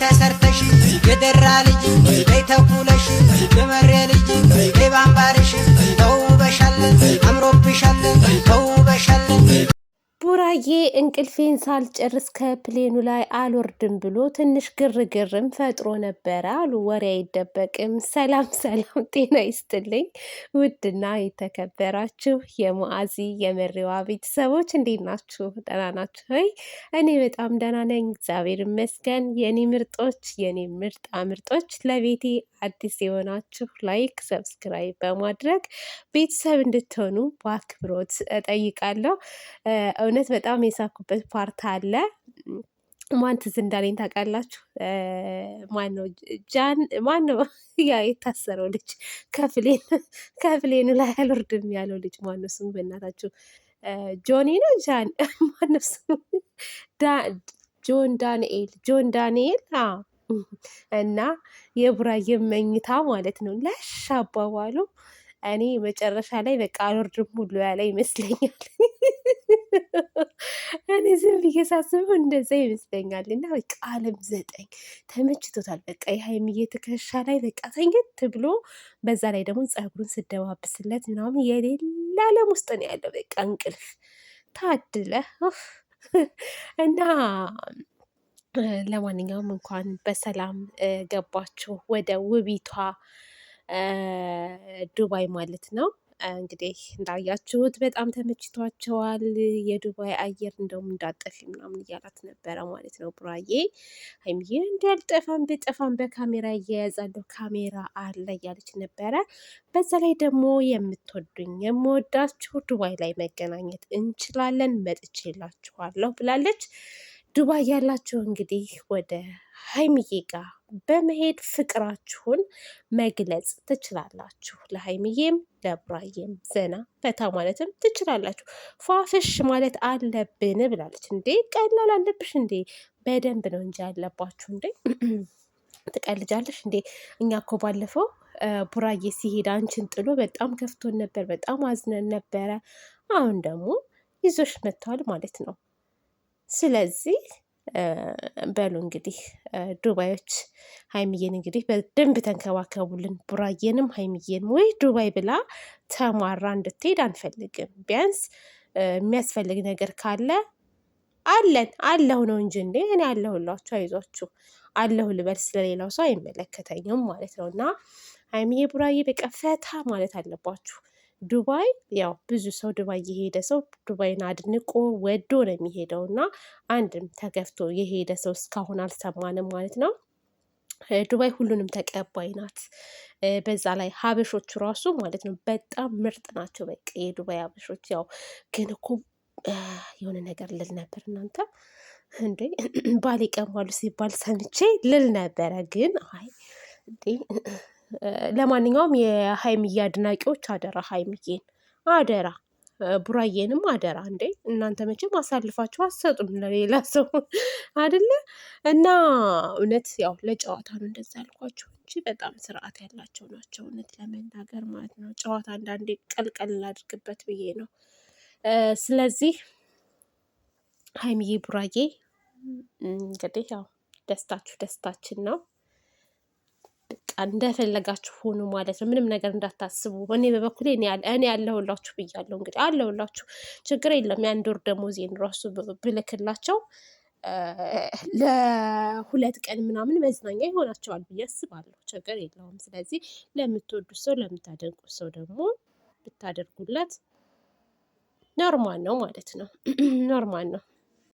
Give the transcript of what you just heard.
ተሰርተሽ የደራ ልጅ ተኩለሽ የመሬ ልጅ ባምባሪ ሱራዬ እንቅልፌን ሳልጨርስ ከፕሌኑ ላይ አልወርድም ብሎ ትንሽ ግርግርም ፈጥሮ ነበረ አሉ። ወሬ አይደበቅም። ሰላም ሰላም፣ ጤና ይስጥልኝ ውድና የተከበራችሁ የሙአዚ የመሪዋ ቤተሰቦች እንዴት ናችሁ? ደህና ናችሁ ሆይ? እኔ በጣም ደህና ነኝ፣ እግዚአብሔር ይመስገን። የኔ ምርጦች፣ የኔ ምርጣ ምርጦች፣ ለቤቴ አዲስ የሆናችሁ ላይክ፣ ሰብስክራይብ በማድረግ ቤተሰብ እንድትሆኑ በአክብሮት እጠይቃለሁ። እውነት በጣም የሳኩበት ፓርት አለ። ማን ትዝ እንዳለኝ ታውቃላችሁ? ማን ነው ጃን ማን ነው ያ የታሰረው ልጅ ከፍሌን ከፍሌኑ ላይ አልወርድም ያለው ልጅ ማን ነው ስሙ? በእናታችሁ ጆኒ ነው ጃን ማን ነው ስሙ? ጆን ዳንኤል ጆን ዳንኤል እና የቡራዬ መኝታ ማለት ነው ለሽ አባባሉ እኔ መጨረሻ ላይ በቃ አልወርድም ሁሉ ያለ ይመስለኛል። እኔ ዝም ብዬ ሳስበው እንደዛ ይመስለኛል። እና በቃ ዘጠኝ ተመችቶታል። በቃ የሀይሚዬ ትከሻ ላይ በቃ ተኝት ብሎ በዛ ላይ ደግሞ ፀጉሩን ስደባብስለት ምናምን የሌላ አለም ውስጥ ነው ያለው። በቃ እንቅልፍ ታድለ እና ለማንኛውም እንኳን በሰላም ገባችሁ ወደ ውቢቷ ዱባይ ማለት ነው። እንግዲህ እንዳያችሁት በጣም ተመችቷቸዋል። የዱባይ አየር እንደውም እንዳጠፊ ምናምን እያላት ነበረ ማለት ነው። ቡራዬ ይህ እንዳልጠፋም ብጠፋም በካሜራ እያያዛለሁ ካሜራ አለ እያለች ነበረ። በዛ ላይ ደግሞ የምትወዱኝ የምወዳችሁ ዱባይ ላይ መገናኘት እንችላለን መጥቼላችኋለሁ ብላለች። ዱባይ ያላችሁ እንግዲህ ወደ ሀይሚዬ ጋር በመሄድ ፍቅራችሁን መግለጽ ትችላላችሁ። ለሀይሚዬም ለብራዬም ዘና ፈታ ማለትም ትችላላችሁ። ፏፍሽ ማለት አለብን ብላለች። እንዴ ቀላል አለብሽ እንዴ? በደንብ ነው እንጂ ያለባችሁ እንዴ ትቀልጃለሽ እንዴ? እኛ እኮ ባለፈው ቡራዬ ሲሄድ አንቺን ጥሎ በጣም ከፍቶን ነበር፣ በጣም አዝነን ነበረ። አሁን ደግሞ ይዞሽ መጥተዋል ማለት ነው። ስለዚህ በሉ እንግዲህ ዱባዮች ሀይምዬን እንግዲህ በደንብ ተንከባከቡልን። ቡራዬንም ሀይሚዬን ወይ ዱባይ ብላ ተሟራ እንድትሄድ አንፈልግም። ቢያንስ የሚያስፈልግ ነገር ካለ አለን አለሁ ነው እንጂ እንዴ እኔ አለሁላችሁ፣ አይዟችሁ አለሁ ልበል ስለሌላው ሰው አይመለከተኝም ማለት ነው። እና ሀይሚዬ ቡራዬ በቀፈታ ማለት አለባችሁ። ዱባይ ያው ብዙ ሰው ዱባይ የሄደ ሰው ዱባይን አድንቆ ወዶ ነው የሚሄደው እና አንድም ተገፍቶ የሄደ ሰው እስካሁን አልሰማንም ማለት ነው። ዱባይ ሁሉንም ተቀባይ ናት። በዛ ላይ ሀበሾቹ ራሱ ማለት ነው በጣም ምርጥ ናቸው። በቃ የዱባይ ሀበሾች ያው ግን እኮ የሆነ ነገር ልል ነበር እናንተ እንዴ ባል ይቀማሉ ሲባል ሰምቼ ልል ነበረ ግን አይ እንዴ ለማንኛውም የሀይምዬ አድናቂዎች አደራ፣ ሀይምዬን አደራ፣ ቡራዬንም አደራ። እንዴ እናንተ መቼም አሳልፋችሁ አትሰጡም ለሌላ ሰው አይደለ? እና እውነት ያው ለጨዋታ ነው እንደዛ ያልኳቸው እንጂ በጣም ስርዓት ያላቸው ናቸው፣ እውነት ለመናገር ማለት ነው። ጨዋታ አንዳንዴ ቀልቀል ላድርግበት ብዬ ነው። ስለዚህ ሀይምዬ ቡራዬ እንግዲህ ያው ደስታችሁ ደስታችን ነው። በቃ እንደፈለጋችሁ ሆኑ ማለት ነው። ምንም ነገር እንዳታስቡ። እኔ በበኩሌ እኔ ያለሁላችሁ ብያለሁ። እንግዲህ አለሁላችሁ፣ ችግር የለም። የአንድ ወር ደሞዜን ራሱ ብልክላቸው ለሁለት ቀን ምናምን መዝናኛ ይሆናቸዋል ብዬ አስባለሁ። ችግር የለውም። ስለዚህ ለምትወዱ ሰው ለምታደንቁ ሰው ደግሞ ብታደርጉለት ኖርማል ነው ማለት ነው። ኖርማል ነው።